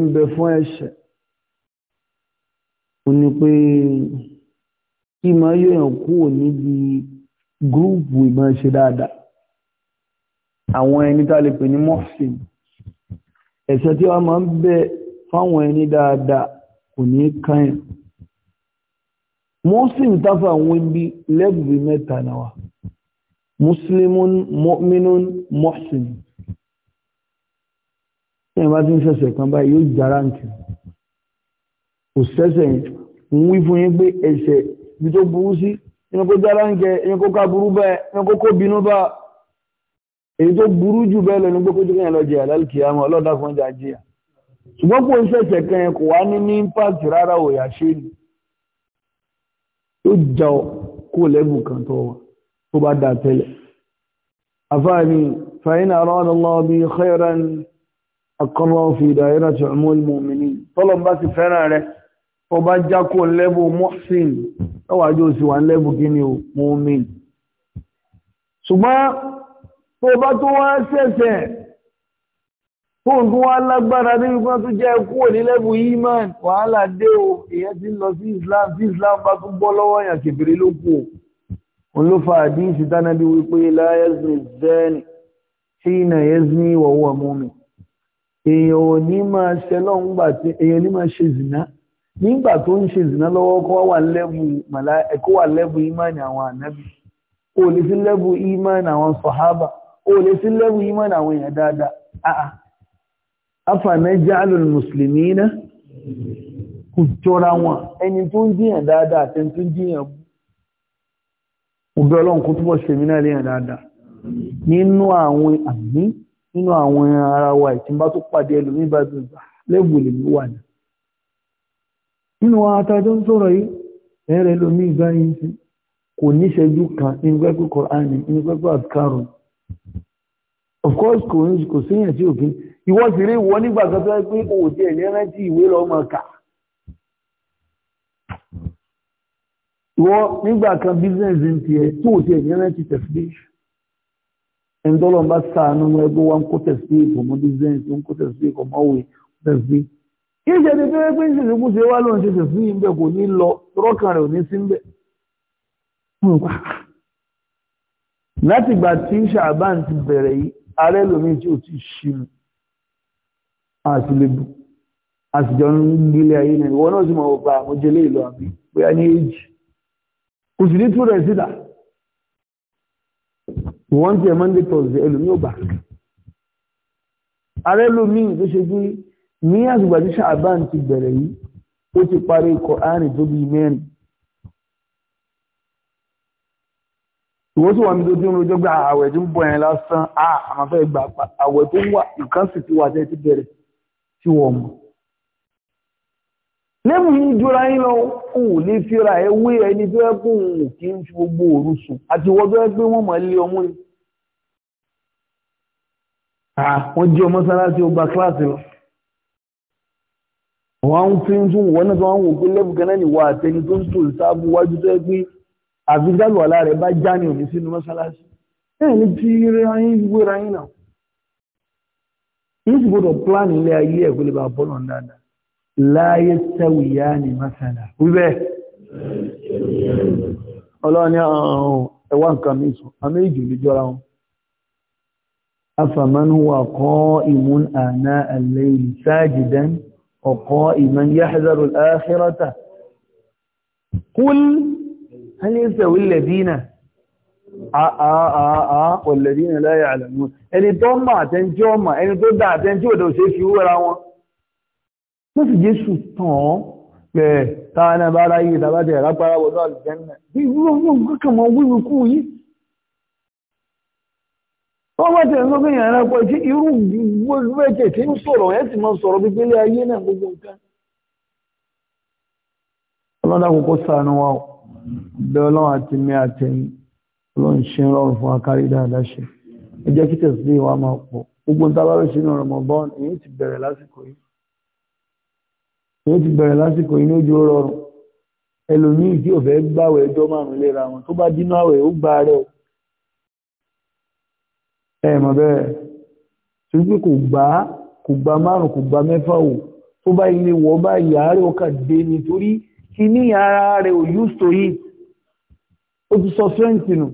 ó ní pé kí máa yọ èèyàn kúrò níbi gúrúùpù ìmọ̀ ṣe dáadáa àwọn ẹni tá a lè pè ní mọ́ọ̀sìn ẹ̀sẹ̀ tí wọ́n máa ń bẹ fáwọn ẹni dáadáa kò ní káyàn mọ́ọ̀sìn táfà àwọn ibi lẹ́gbẹ̀ẹ́ mẹ́ta náà wà muslimun mu'minun mọ́ọ̀sìn tí wọ́n bá ti ń ṣẹ̀ṣẹ̀ kan báyìí yóò jára nìkan kò sẹ́sẹ̀ yìí ń wí fún yín pé ẹ̀ṣẹ̀ ibi tó burú sí ẹni kó dára ń jẹ ẹni kó ká burú bẹ́ẹ̀ ẹni kó kó bínú bá èyí tó burú jù bẹ́ẹ̀ lọ ní pé kójú kẹ́yìn lọ jẹ àlálùkì àmọ́ ọlọ́dà fún ọjà jìyà ṣùgbọ́n kò ṣẹ̀ṣẹ̀ kan kò wá ní ní impact rárá òyà ṣe ni ó jà ọ kó lẹ́bù kan tó wà tó bá dà tẹ́lẹ̀ àfáàní fàyín àrọ́nà lọ́wọ́ bíi khairan ọba jákò lẹ́bù mọ́sìn lọ́wàájú òsì wà lẹ́bù kí ni mọ́mìn ṣùgbọ́n tó bá tó wá ṣẹ̀ṣẹ̀ tó ń tún wá lágbára níbi kan tó jẹ́ kú òní lẹ́bù iman wàhálà dé o èyẹ ti ń lọ sí Islam tí Islam bá tún bọ́ lọ́wọ́ yàn kèbèrè ló kù o ló fa àdínsì dánábí wípé láyézni zẹ́ni tí ìnà wọ̀wọ̀ mọ́mìn èèyàn ò ní máa ṣẹlọ́ngbà tí èèyàn ní máa ṣe zìnà nígbà tó ń ṣe ìzìnà lọ́wọ́ kó wà lẹ́bù ìmáàni àwọn ànábì lè sí lẹ́bù àwọn sọ̀hábà lè sí lẹ́bù àwọn èèyàn dáadáa kò jọra wọn ẹni tó ń dáadáa àti ẹni tó ń bú ọlọ́run kó túbọ̀ náà léèyàn dáadáa nínú àwọn àmì nínú àwọn ara wa ìtìmbá tó pàdé lẹ́bù wà ní nínú àtàjọ́ ń sọ̀rọ̀ yìí ẹ̀rẹ́ lómi ìgbáyìn sí kò níṣẹ́jú kan inú pẹ́pẹ́ kọ̀ránì inú pẹ́pẹ́ àtikárùn of course kò ní kò síyàn tí òfin ìwọ sì rí ìwọ nígbà kan tó pé òwò tí ẹ̀ní rántí ìwé lọ máa kà ìwọ nígbà kan business ń tiẹ̀ tó òtí ẹ̀ní rántí tẹ̀sílẹ̀ ẹ̀ńdọ́lọ́mbà sàánú ẹgbẹ́ wa ń kó tẹ̀sílẹ̀ ìfọ̀mọ́ business ń kó tẹ̀sílẹ̀ ìfọ̀mọ́ òwe tẹ̀sílẹ̀ ìṣe ti pé pé ìṣe ìṣekú ṣe wá lóun ṣe ṣe sí ibẹ̀ kò ní lọ rọ́kàn rẹ̀ ò ní sí ibẹ̀. Ah, ah. láti ìgbà tí ṣàbán ti bẹ̀rẹ̀ yìí ààrẹ lómi tí ò ti ṣinú àti lebu àtijọ́ ń gbélé ayé náà ìwọ náà sì máa wọ pa àmójẹlé ìlú àbí bóyá ní èjì kò sì ní tú síta ìwọ́n ti ẹ̀ monday thursday ẹlòmíì ò bá ààrẹ lómi tó ṣe pé ní àsìgbà tí ṣàbán ti bẹ̀rẹ̀ yìí ó ti parí Kùránì tó bí mẹ́rin ìwọ́n tí wọ́n mi tó tí ń rojọ́ gba àwẹ̀ tí ń bọ̀ yẹn lásán àmàfẹ́ ìgbà àwẹ̀ tó wà nǹkan sì ti wà tẹ́ ti bẹ̀rẹ̀ tí wọ́n mọ̀ lẹ́mù yìí jọra yín lọ kò lè fira ẹ wé ẹni tó yẹ kó òun kì í fi gbogbo òru sùn àti ìwọ́n tó yẹ pé mọ̀ lé ọmú ni wọ́n jẹ́ ọmọ sára tí ó gba kíláàsì lọ àwọn ahunfin tún wọ́n náà tó wọ́n wò pé lẹ́bù kan náà nìwọ àtẹni tó ń tò sáàbù wájú tó yẹ pé àfijálù àlá rẹ̀ bá já ní òní sínú mọ́sálásí ẹ̀ ní tí rẹ̀ ayé ìwé yín náà yìí sì gbọ́dọ̀ plan ilé ayé ẹ̀ kó lè bá bọ́ọ̀lù dáadáa láyé sẹ́wìyá ni mọ́sálá wíbẹ̀ ọlọ́run ní ẹwà nǹkan mi sùn àmì ìjì lè jọra wọn afaman huwa qa'imun ana al-layli sajidan وقائما يحذر الآخرة قل هل يستوي الذين والذين لا يعلمون يعني توما تنجوما يعني تودا تنجوما دو سي تنجوما ورا و ما في يسو تون ب تانا بالاي دابا دي راقا و دو الجنه دي هو هو كما وي كوي wọ́n bá tẹ̀ sọ pé yàrá náà pọ̀ tí irú gbẹ́kẹ̀ tí ń sọ̀rọ̀ ẹ̀ sì máa sọ̀rọ̀ bí pélé ayé náà gbogbo nǹkan. ọlọ́dà kókó sànù wa ò bẹ ọlọ́run àti mi àtẹ̀yìn ọlọ́run ṣe ń rọrùn fún akárí dáadáa ṣe ẹ jẹ́ kí tẹ̀sí wa máa pọ̀ gbogbo nǹkan bá ṣe ní ọ̀rọ̀ mọ̀bọ́n èyí ti bẹ̀rẹ̀ lásìkò yìí èyí ti bẹ̀rẹ̀ lásìkò yìí ní ojú rọrùn ẹlòmíì tí ò ẹ̀mọ̀ bẹ́ẹ̀ tí wípé kò gbá kò gbá márùn kò gbá mẹ́fà wò tó bá ilé wọ́ bá ìyá rẹ̀ ó kà dé nítorí kí ní ara rẹ̀ ò yú sórí ó ti sọ strength nù.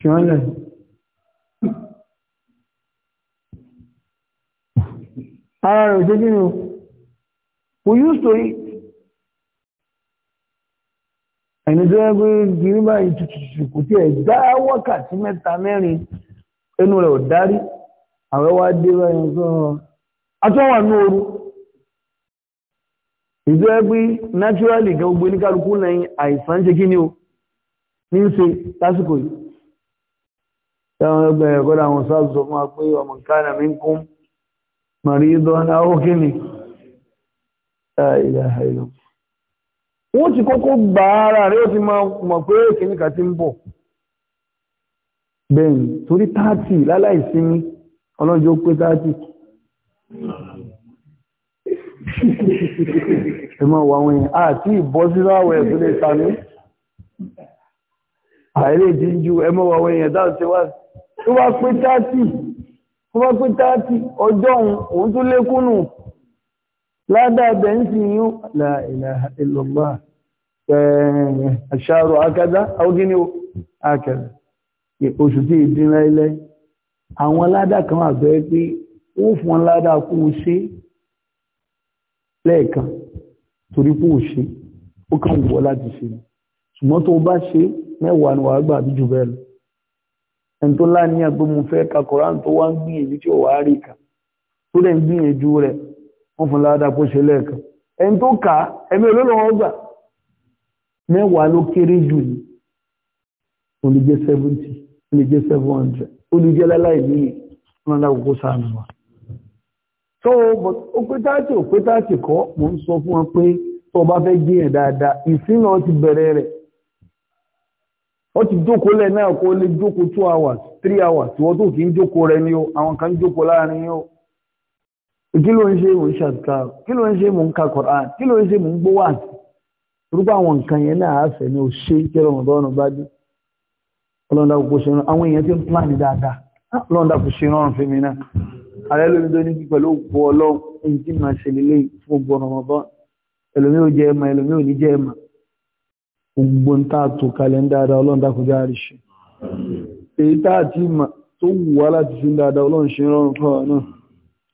kí ara rẹ̀ ò ṣe kí ni o kò yú sórí ẹni tó yẹ pé kiri báyìí tutù kò tí ẹ̀ dá wákàtí mẹ́ta mẹ́rin ẹnu rẹ̀ ò dárí àwẹ̀ wá dé báyìí sọ atọ́wà ní ooru ìjọ yẹ pé naturally gan gbogbo oníkálukú lẹ́yìn àìsàn ń ṣe kí ni o ní í ṣe lásìkò yìí táwọn ẹgbẹ́ ẹ̀kọ́ làwọn sáà sọ fún wa pé ọmọ nǹkan àmì ń kún màrí dán ó kí ni. La ilaha illallah wọ́n ti kọ́kọ́ gbà ara rẹ̀ ó ti mọ̀ pé kìníkà ti ń bọ̀ bẹ́ẹ̀ torí táàtì láláìsinmi ọlọ́jọ́ pé táàtì ẹmọ́ wà wọ́n yẹn àti ìbọ́ sínú àwẹ̀ tó lè sàmí àìlè jíjú ẹmọ́ wà wọ́n yẹn dáàtì wá tó bá pé táàtì ọjọ́ òun tó lékúnnù ládàbẹ̀ ń sì yún la ilaha illallah ẹ̀ẹ̀rẹ̀ àṣàrò akẹ́dá àwọ́gíní akẹ́dá oṣù tí ìdín láìlẹ́ àwọn ládà kan àgbẹ̀ pé ó fún ládà kú ṣe lẹ́ẹ̀kan torí kú ṣe ó kàn wọ́ láti ṣe ṣùgbọ́n tó bá ṣe mẹ́wàá ni wàá gbà bí jù bẹ́ẹ̀ lọ ẹni tó láníyàn pé mo fẹ́ ka Kùránì tó wá ń gbìyànjú tí ò wá rí kà tó dẹ̀ ń gbìyànjú rẹ̀ wọ́n fún ládàá kó ṣe lẹ́ẹ̀kan ẹni tó kà á ẹ̀mí olólùwọ́n gbà mẹ́wàá ló kéré jù ní ó lè jẹ́ seventy ó lè jẹ́ seven hundred ó lè jẹ́ láláì níyì wọ́n náà kókó sáànù wa. tó o pé táàtì ò pé táàtì kọ́ mò ń sọ fún wọn pé tó o bá fẹ́ jíyàn dáadáa ìsìn náà bẹ̀rẹ̀ rẹ̀ wọ́n ti jókòó lẹ̀ náà kó lè jókòó two hours three hours wọ́n tó kì í jókòó rẹ̀ ni o àwọn kan jókòó láàrin yìí kí ló ń ṣe mò ń ṣàtúkà kí ló ń ṣe mò ń ka Quran kí ló ń ṣe mò ń gbówà rúbọ àwọn nǹkan yẹn náà àṣẹ ni ò ṣe kí Ramadan bá dé ọlọ́dà kò ṣe rán àwọn èèyàn tí ń pláàni dáadáa ah, ọlọ́dà kò ṣe rán fún mi náà ààrẹ lórí tó ní pẹ̀lú òkú ọlọ́run èyí tí màá ṣe lélẹ̀ fún gbogbo Ramadan ẹlòmí ò jẹ́ ò jẹ́ ẹ̀mà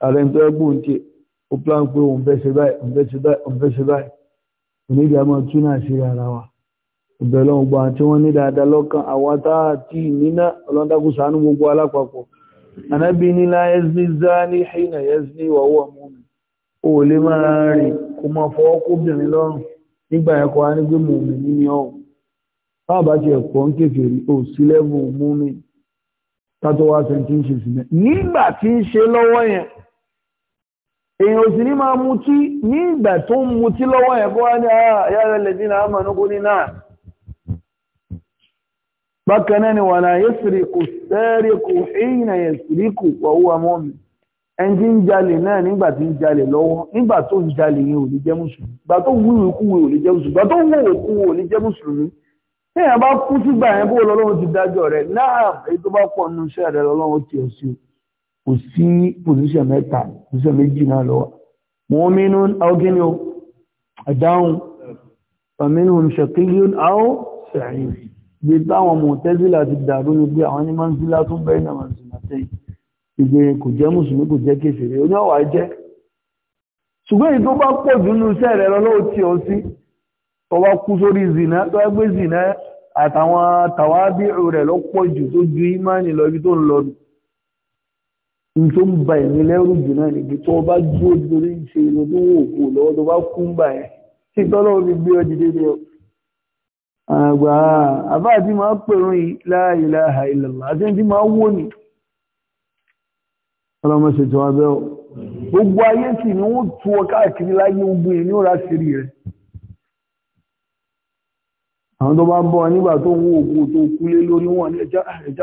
ààrẹ ń tọ́ gbóhùn tí ó plan pé òun fẹ́ ṣe báyìí òun fẹ́ ṣe báyìí òun fẹ́ ṣe báyìí onídìí àmọ́ tún náà ṣe ara wa ìbẹ̀rẹ̀ ọgbà tí wọ́n ní dáadáa lọ́kàn àwọn táà tí nínà ọlọ́dákù ṣàánú gbogbo alápapọ̀ anábì nílá yẹ́sì záàní ṣìnà yẹ́sì wọ́wọ́ mọ́mí o lè máa rìn kó máa fọwọ́ kóbìnrin lọ́rùn nígbà ẹ̀kọ́ á ní gbé mọ́mí nínú ọ̀hún bábà ti ẹ̀kọ́ ń kékeré o sí lẹ́bùn mọ́mí tátọ́wá sẹ́ńtì ń ṣe sílẹ̀ nígbà tí ń ṣe lọ́wọ́ yẹn èèyàn ò sì ní máa mutí ní ìgbà tó ń mutí lọ́wọ́ ẹ̀kọ́ ní àyà rẹ̀ ní dín náà ní náà bákan náà náà yẹ́ sì rí kò ẹni tí ń jalè náà nígbà tí ń jalè lọ́wọ́ nígbà tó ń jalè yẹn ò ní jẹ́ mùsùlùmí gbà tó ò ní jẹ́ mùsùlùmí gbà tó ò ní jẹ́ mùsùlùmí téèyàn bá kú sígbà yẹn ti dájọ́ rẹ̀ náà èyí tó bá pọ̀ nínú iṣẹ́ rẹ̀ lọ́lọ́run ti kò sí pòsíṣọ̀ mẹ́ta pòsíṣọ̀ méjì náà lọ́wọ́ mọ́ mínú àwọ́gẹ́ni o àdáhùn pàmínú ṣẹ̀kílíún àwọ́ sẹ̀yìn gbé táwọn mọ̀ tẹ́sílà ti dàrú ní pé àwọn onímọ̀ sílá tún bẹ́ẹ̀ náà wọ́n sì máa tẹ́yìn ìgbé kò jẹ́ mùsùlùmí kò jẹ́ kéfèrè oní ọ̀wà jẹ́ ṣùgbọ́n èyí tó bá pọ̀ jù nínú iṣẹ́ rẹ̀ lọ́wọ́ tí ó tó ń ba ẹ̀mí lẹ́rù jù náà níbi tó bá dúró lórí ìṣe ìlọ́dún wò kò lọ́wọ́ tó bá kú ń bà ẹ́ tí tọ́lọ́wọ́ fi gbé ọ dìde ni ọ. àgbà àbá àti máa pèrún yìí la ilaha illallah àti ẹni tí máa wò ní. ọlọ́mọ ṣètò abẹ́ ọ. gbogbo ayé sì ni wọ́n tu ọ káàkiri láyé ogun yìí ní ọ̀rá sírí rẹ̀. àwọn tó bá ń bọ̀ nígbà tó ń wo òkú tó kúlé lórí wọn ní ẹja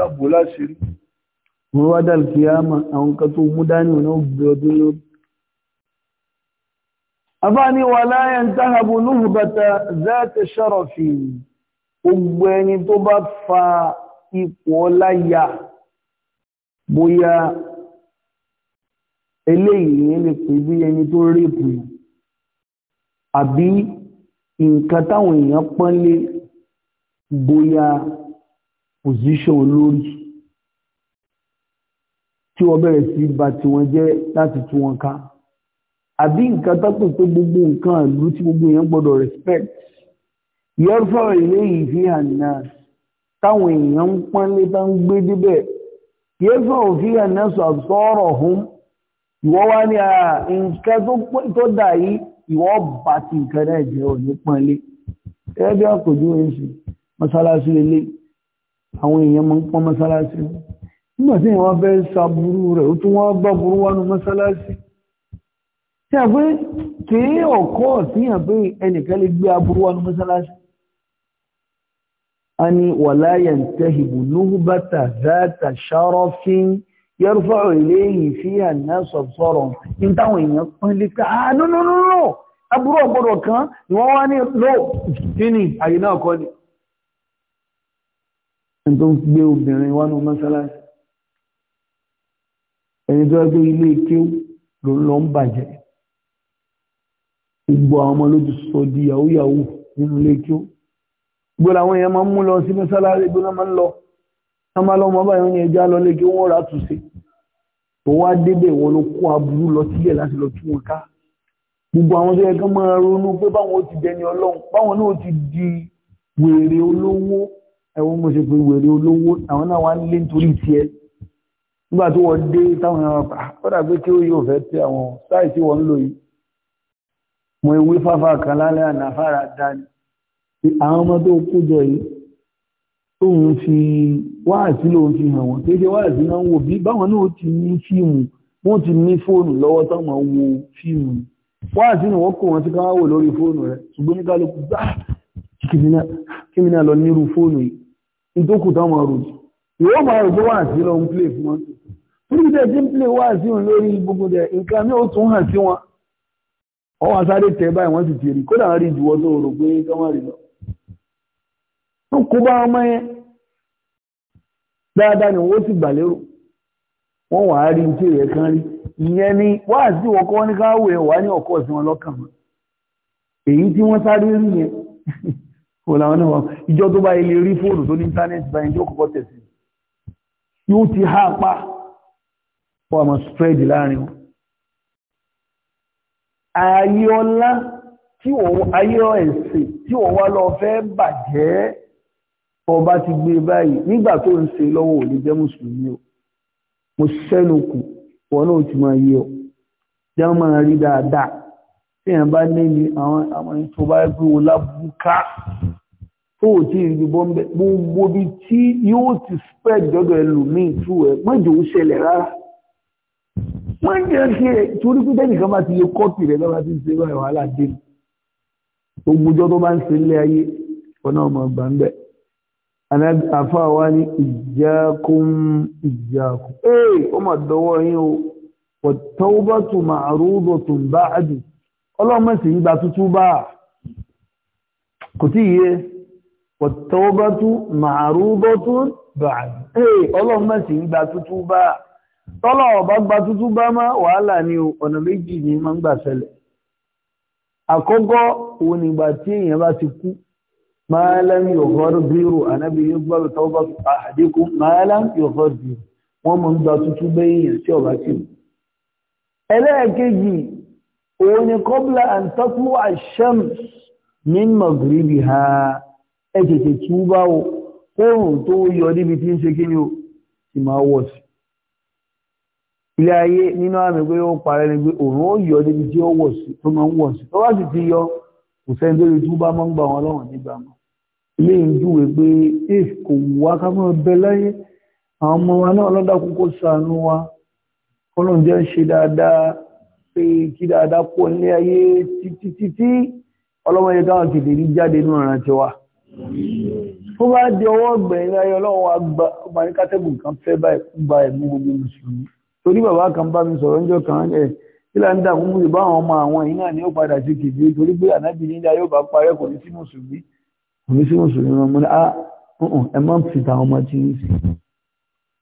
àbò láṣìírí wọ́n wá dà kìyàmà àwọn kan tó mú dání wọn náà gbé ọdún lórí. àbáni wà láyé ń táhàbù lóhùn bàtà záàtì ṣọ́rọ̀fì gbogbo ẹni tó bá fa ipò ọlá bóyá eléyìí lè pè bí ẹni tó rèpù àbí nǹkan táwọn èèyàn pọ́nlé bóyá pòsíṣàn olórí tí wọ́n bẹ̀rẹ̀ sí bà tí wọ́n jẹ́ láti tú wọn ká àbí nǹkan tápò pé gbogbo nǹkan ìlú tí gbogbo èèyàn gbọ́dọ̀ respect yọrfà ilé ìfi àná táwọn èèyàn ń pọ́nlé bá ń gbé débẹ̀ yọrfà òfin àná sọ̀rọ̀ ọ̀hún ìwọ wá ní nǹkan tó dà yìí ìwọ bá ti nǹkan náà jẹ́ òní pọ́nlé ẹgbẹ́ àpòjú ẹ̀ ń mọ́sálásí lélẹ̀ àwọn èèyàn máa ń pọ́n mọ́sálásí lélẹ̀ nígbà tí wọ́n fẹ́ sàbúrú rẹ̀ ó tún wọ́n gbá burú wánú mọ́sálásí tí a pé kí ọ̀kọ́ tí a pé ẹnìkan lè gbé aburú wánú mọ́sálásí a ní wàláyà tẹ́hìbù lóhùbátà záàtà ṣàrọ́fín yẹ́rùfà ìléyìn fi àná sọ̀sọ̀rọ̀ ní táwọn èèyàn pín lè ká àánúnúnú aburú ọ̀gbọ̀dọ̀ kan ni wọ́n wá ní lóò kí ni àyè náà kọ́ ni. ẹni tó ń gbé obìnrin wánú mọ́sálásí ẹni tó gbé ilé kéwú ló lọ ń bàjẹ́ gbogbo àwọn ọmọ ló ti sọ di yahoo yahoo nínú ilé kéwú gbogbo àwọn èèyàn máa ń mú lọ sí mọ́sálárì gbogbo máa ń lọ wọ́n máa lọ ọmọ báyìí wọ́n ní ẹja lọ lé kí wọ́n rà túnṣe tó wá débẹ̀ wọn ló kó aburú lọ sílẹ̀ láti lọ tún wọn ká gbogbo àwọn tó yẹ kán máa ronú pé báwọn ti dẹni ọlọ́run báwọn náà ti di wèrè olówó ẹ̀wọ̀n mo ṣe pé wèrè olówó àwọn náà wá ń lé nítorí tiẹ̀ nígbà tí wọ́n dé táwọn ẹran pa kọ́dà pé kí ó yóò fẹ́ tí àwọn sáì tí wọ́n ń lò yìí mo ewé fáfá kan lálẹ́ ànáfàrà dání àwọn ọmọ tó kú jọ yìí tóun fi wáàsí lòun fi hàn wọ́n kéde wáàsí náà ń wò bí báwọn náà ti ní fíìmù wọ́n ti ní fóònù lọ́wọ́ táwọn wo fíìmù wáàsí ni wọ́n kó wọn sí ká wò lórí fóònù rẹ̀ ṣùgbọ́n ní kálukú gbá ah, kí ìwọ máa rò pé wà sí lọ ń plé fún wọn torí dẹ̀ tí ń plé wà sí òun lórí gbogbo dẹ̀ nǹkan ní ó tún hàn sí wọn ọ wà sáré tẹ báyìí wọ́n sì ti rí kódà rí ìdíwọ́ tó rò pé kọ́mọ́ rí lọ tó kó bá ọmọ yẹn dáadáa ni wọ́n sì gbà lérò wọ́n wà á rí tí èyẹ kan rí ìyẹn ni wáà sí ọkọ ní káwò ẹ̀ wà ní ọkọ̀ sí wọn lọ́kàn mọ́ èyí tí wọ́n sáré rí yẹn kò <laughs> làwọn náà ìjọ tó bá ilé rí fóònù tó ní íńtánẹ́ẹ̀tì báyìí tí yóò ti há apá fún àmọ́ spread láàrin wọn ààyè ọlá tí ayé ẹ̀sìn tí wọ́n wá lọ fẹ́ bàjẹ́ ọba ti gbé báyìí nígbà tó ń ṣe lọ́wọ́ ò lè jẹ́ mùsùlùmí o mo sẹ́nu kù wọn náà ti máa yẹ ọ jẹ́ wọ́n máa rí dáadáa tí èèyàn bá ní ní àwọn àwọn ìtọ́ba ẹgbẹ́ wọn lábúká tó ò tí ìrìn bọ́ mbẹ́ gbogbo bí tí yóò ti spread dọ́dọ̀ ẹlòmíì tú ẹ mọ́jọ ó ṣẹlẹ̀ rárá mọ́jọ ṣe torí pé tẹ́nìkan bá ti lè kọ́pì rẹ̀ lọ́wọ́ ti ń ṣe báyìí wàhálà dé gbogbo ọjọ́ tó bá ń ṣe ilé ayé ọ̀nà ọmọ ọgbà ń bẹ̀ àfa wa ní ìjákun ìjákun ee ó mà dọwọ́ yín o wat-tawbatu ma'rudatun ba'du ọlọ́mọ̀sí ìgbà tuntun bá kò tí ì yé wọ̀tọ́bọ́tú màárúbọ́tú bàájú. Ee, ọlọ́run mẹ́ sí ń gba tútú bá. Tọ́lọ̀ ọ̀bá gba tútú bá má wàhálà ní ọ̀nà méjì ní máa ń gbà ṣẹlẹ̀. Àkọ́kọ́ òun nígbà tí èèyàn bá ti kú. Máàlám yọ̀họ́rù bírò ànábì yóò gbọ́rù tọ́gbà àdínkù. Máàlám yọ̀họ́rù bírò. Wọ́n máa ń gba ẹ tètè túbá o oòrùn tó yọ níbi tí ń ṣe kí ni o ti máa wọ̀ sí ilé ayé nínú àmì pé ó parẹ́ ni pé òòrùn ó yọ níbi tí ó wọ̀ sí tó máa ń wọ̀ sí tó bá sì ti yọ kò sẹ́ni tó lè túbá máa ń gbà wọn lọ́wọ́n nígbà mọ́ ilé ń júwe pé if kò wá ká mọ́ bẹ láyé àwọn ọmọ wa náà lọ́dàkú kó sànú wa kọ́lọ́n jẹ́ ṣe dáadáa pé kí dáadáa pọ̀ nílé ayé títí títí ọlọ́mọ yẹn káwọn kìdìrí jáde nínú ìrántí wa ó bá di ọwọ́ ọgbẹ̀yìn ayọ̀ ọlọ́run àgbà ní kátẹ́gùn kan fẹ́ gba ẹ̀mú gbogbo mùsùlùmí torí bàbá kan bá mi sọ̀rọ̀ níjọ́ kan ẹ̀ kílà ń dàkún mú ìbá àwọn ọmọ àwọn yìí náà ni ó padà sí kìdí torí pé ànábì nílẹ̀ ayọ̀ bá parẹ́ kò ní sí mùsùlùmí kò ní sí mùsùlùmí wọn mo ní á ah, uh-uh, ẹ má fi tàwọn ọmọ tí ń sí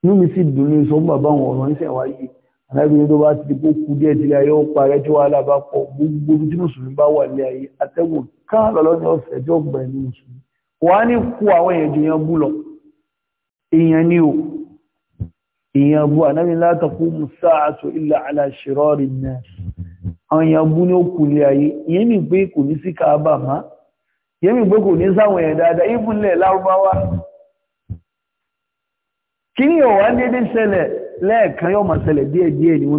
inú mi sì dùn ní sọ fún bàbá àwọn ọ̀rọ̀ níṣẹ́ wáyé ànábì ní tó bá ti kó kú díẹ̀ tí ayọ̀ parẹ́ tí wàhálà bá pọ̀ gbogbo tí mùsùlùmí bá wà lé ayé atẹ́gùn ká lọ́lọ́ ní ọ̀sẹ̀ tí ó gbà ní mùsùlùmí wà ní kú àwọn èèyàn jù yàn bú lọ èèyàn ní o èèyàn bú ànábì la taqumu sa'atu illa ala shirari an-nas àwọn èèyàn bú ní òkú ilé ayé ìyẹn mi pé kò ní sí káàbà má ìyẹn pé kò ní sáwọn èèyàn dáadáa ìbúlẹ̀ lárúbáwá kí ni ọ̀wá dédé ṣẹlẹ̀ lẹ́ẹ̀kan yóò máa ṣẹlẹ̀ díẹ̀díẹ̀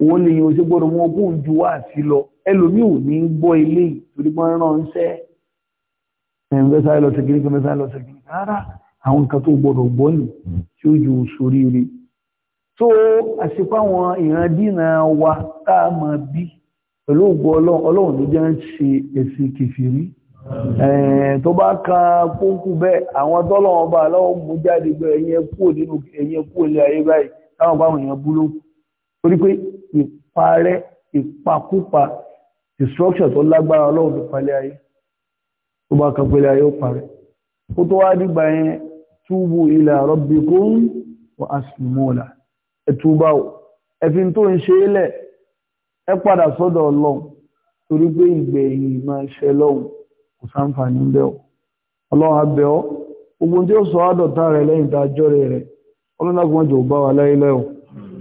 òun lè yàn òṣègbọ́dọ̀ wọn kó ń ju wá sí lọ ẹlòmíì ò ní gbọ́ ilé torí wọ́n ránṣẹ́ ẹ̀ǹfẹ́sà lọ sí kìnnìkan mẹ́sà lọ sí kìnnìkan rárá àwọn nǹkan tó gbọ́dọ̀ gbọ́ yìí tí ó ju sórí rí tó àṣepá àwọn ìran dínà wa tá a máa bí pẹ̀lú ògbó ọlọ́run ló jẹ́ ń ṣe ẹ̀sìn kìfìrí tó bá ka kókù bẹ́ẹ̀ àwọn tọ́lọ́wọ́n bá lọ́wọ́ mú jáde pé ẹ̀yin ẹ̀kú nínú ẹ̀yin ẹ̀kú ilé ayé báyìí táwọn báwọn èèyàn bú torí pé ìparẹ́ ìpakúpa destruction tó lágbára ọlọ́run fi palẹ̀ ayé tó bá kan pẹ̀lẹ̀ ayé ó parẹ́ kó tó wá yẹn túbú ṣe ilẹ̀ ẹ padà sọ́dọ̀ ọlọ́run torí pé ìgbẹ̀yìn máa ṣe lọ́run kò sáǹfààní ń bẹ́ ọ ọlọ́run ọ ogun tí ó sọ lẹ́yìn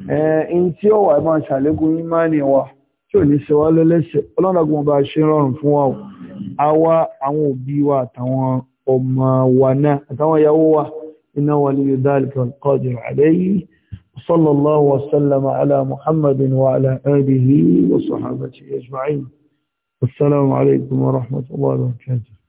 ẹ̀ẹ́n tí ó wà máa ṣàlékún ìmáàni wa tí ò ní ṣe wá lẹ́lẹ́ṣẹ̀ ọlọ́dàgùn ọba ṣe rọrùn fún wa àwa àwọn òbí wa àtàwọn ọmọ wa náà àtàwọn ìyàwó wa inna waliyyu dhalika al صلى الله وسلم على محمد وعلى آله وصحابته أجمعين والسلام عليكم ورحمة الله وبركاته